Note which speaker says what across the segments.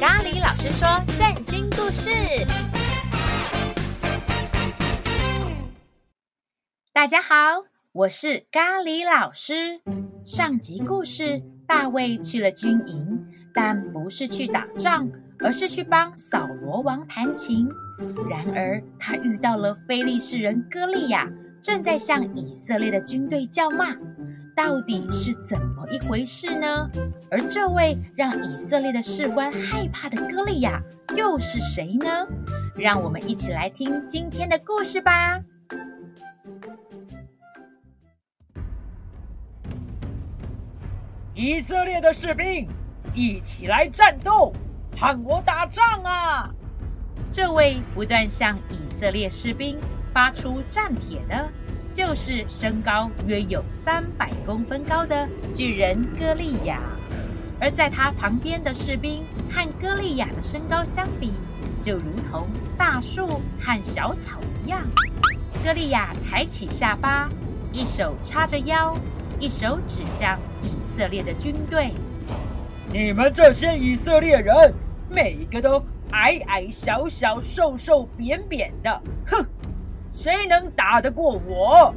Speaker 1: 咖喱老師說聖經故事。大家好，我是咖喱老師。上集故事，大衛去了軍營，但不是去打仗，而是去幫掃羅王彈琴。然而，他遇到了非利士人歌利亞，正在向以色列的軍隊叫罵。到底是怎麼一回事呢？而這位讓以色列的士官害怕的歌利亞又是誰呢？讓我們一起來聽今天的故事吧。以色列的士兵，一起來戰鬥，喊我打仗啊！這位不斷向以色列士兵發出戰帖的，就是身高約有三百公分高的巨人哥利亞，而在他旁邊的士兵，和哥利亞的身高相比，就如同大樹和小草一樣。哥利亞抬起下巴，一手叉着腰，一手指向以色列的軍隊：“你們這些以色列人，每一個都矮矮小小、瘦瘦扁扁的，哼！”誰能打得過我？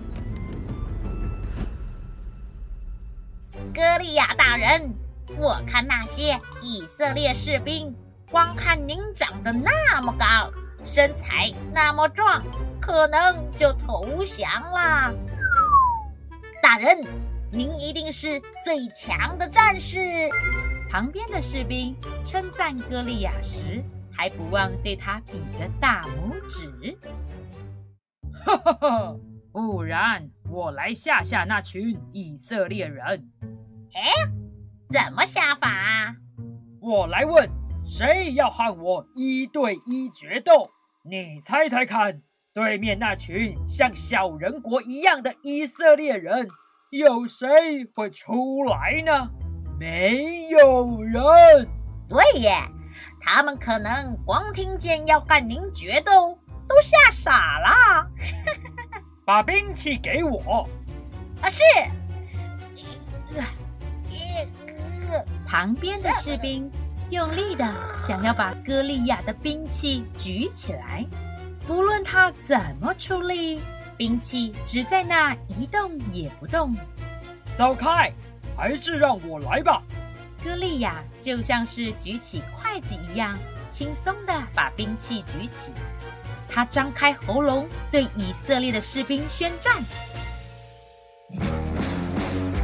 Speaker 2: 歌
Speaker 1: 利亞大人，我看那些以色列士兵，光看您長得那麼高，身材那麼壯，可能就投降啦。大人，您一定是最強的戰士。旁邊的士兵稱讚歌利亞時，還不忘對他比個大拇指。哈哈哈， 不然我來嚇嚇那群以色列人。哎，怎麼嚇法啊？我來問，誰要和我一對一決鬥？你猜猜看，對面那群像小人國一樣的以色列人，有誰會出來呢？沒有人。對耶，他們可能光聽見要和您決鬥。都嚇傻了！ 把兵器給我！啊，是，一、呃、個、呃呃呃、旁邊的士兵用力的想要把歌利亞的兵器舉起來，不論他怎麼出力，兵器只在那一動也不動。走開，還是讓我來吧。歌利亞就像是舉起筷子一樣輕鬆的把兵器舉起。他張開喉嚨，對以色列的士兵宣戰：“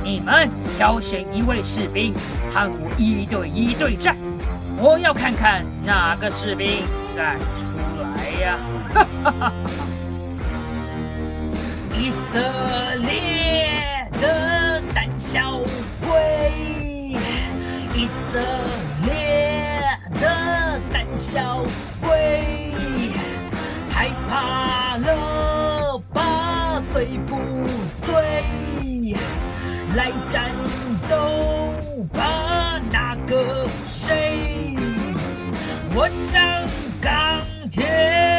Speaker 1: 你們挑選一位士兵，和我一對一對戰，我要看看哪個士兵敢出來呀、啊！”哈哈哈，以色列的膽小鬼，以色列的膽小鬼。誰？我像鋼鐵。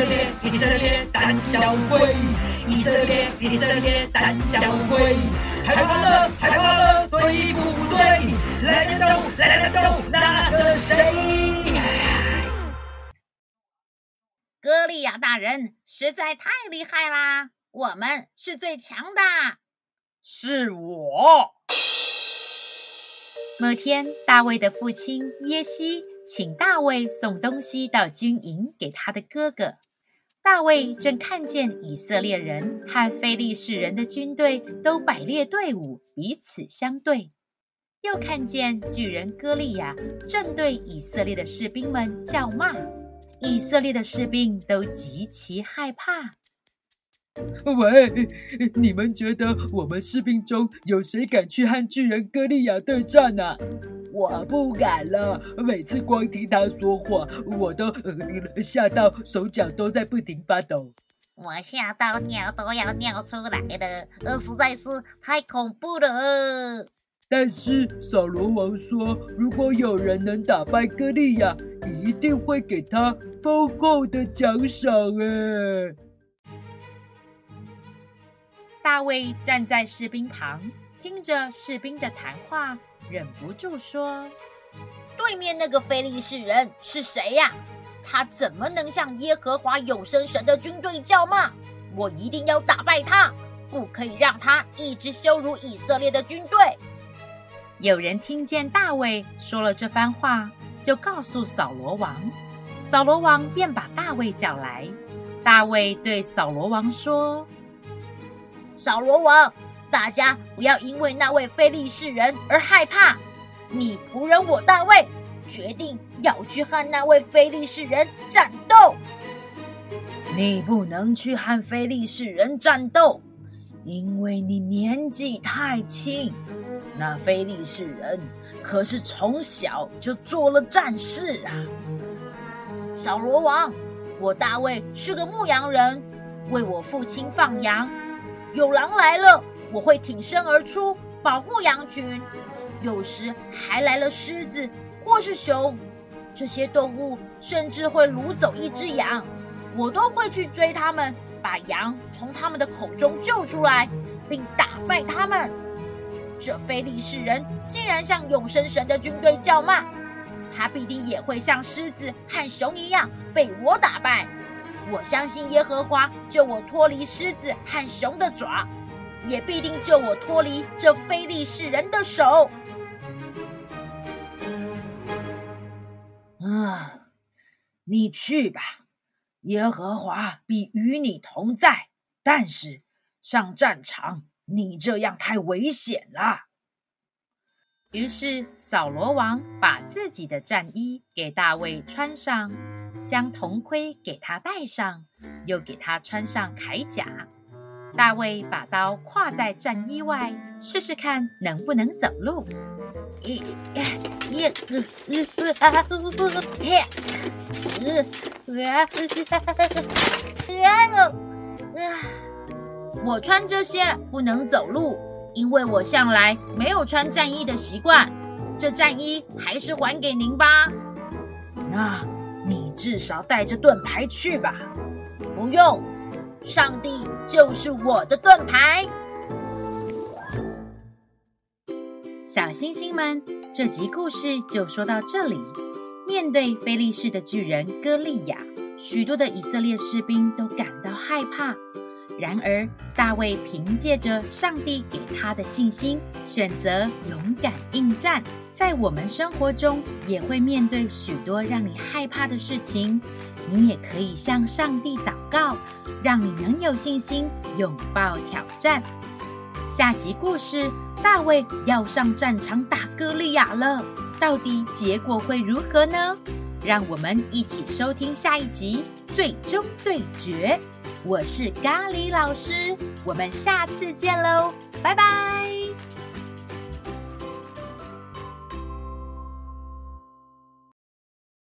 Speaker 1: 以色列、以色列膽小鬼！以色列、以色列，以色列膽小鬼！害怕了，害怕了，對不對？來戰鬥，來戰鬥，那個誰？歌利亞大人實在太厲害啦，我們是最強的。是我。某天，大衛的父親耶西請大衛送東西到軍營給他的哥哥。大衛正看見以色列人和非利士人的軍隊都擺列隊伍，彼此相對；又看見巨人歌利亞正對以色列的士兵們叫罵，以色列的士兵都極其害怕。喂，你們覺得我們士兵中有誰敢去和巨人哥利亞對戰呢、啊？我不敢了。每次光聽他說話，我都嚇到手腳都在不停發抖。我嚇到尿都要尿出來了，這實在是太恐怖了。但是掃羅王說，如果有人能打敗哥利亞，一定會給他豐厚的獎賞哎。大衛站在士兵旁，聽着士兵的談話，忍不住說：“對面那個非利士人是誰呀、啊？他怎麼能向耶和華永生神的軍隊叫罵？我一定要打敗他，不可以讓他一直羞辱以色列的軍隊。”有人聽見大衛說了這番話，就告訴掃羅王，掃羅王便把大衛叫來。大衛對掃羅王說。掃羅王，大家不要因為那位非利士人而害怕。你僕人我大衛決定要去和那位非利士人戰鬥。你不能去和非利士人戰鬥，因為你年紀太輕。那非利士人可是從小就做了戰士啊！掃羅王，我大衛是個牧羊人，為我父親放羊。有狼來了，我會挺身而出保護羊群。有時還來了獅子或是熊，這些動物甚至會擄走一隻羊，我都會去追他們，把羊從他們的口中救出來，並打敗他們。這非利士人竟然向永生神的軍隊叫罵，他必定也會像獅子和熊一樣被我打敗。我相信耶和華救我脫離獅子和熊的爪，也必定救我脫離這非利士人的手。嗯，你去吧，耶和華必與你同在。但是上戰場，你這樣太危險了。於是掃羅王把自己的戰衣給大衛穿上。將銅盔給他戴上，又給他穿上鎧甲。大衛把刀挎在戰衣外，試試看能不能走路。耶，耶，耶，我穿這些不能走路，因為我向來沒有穿戰衣的習慣。這戰衣還是還給您吧。那。 至少帶着盾牌去吧，不用。上帝就是我的盾牌。小星星們，這集故事就說到這裡。面對非利士的巨人歌利亞，許多的以色列士兵都感到害怕。然而，大衛憑借着上帝給他的信心，選擇勇敢應戰。在我們生活中，也會面對許多讓你害怕的事情，你也可以向上帝禱告，讓你能有信心擁抱挑戰。下集故事，大衛要上戰場打哥利亞了，到底結果會如何呢？讓我們一起收聽下一集。最終對決。我是咖喱老師，我們下次見嘍，拜拜。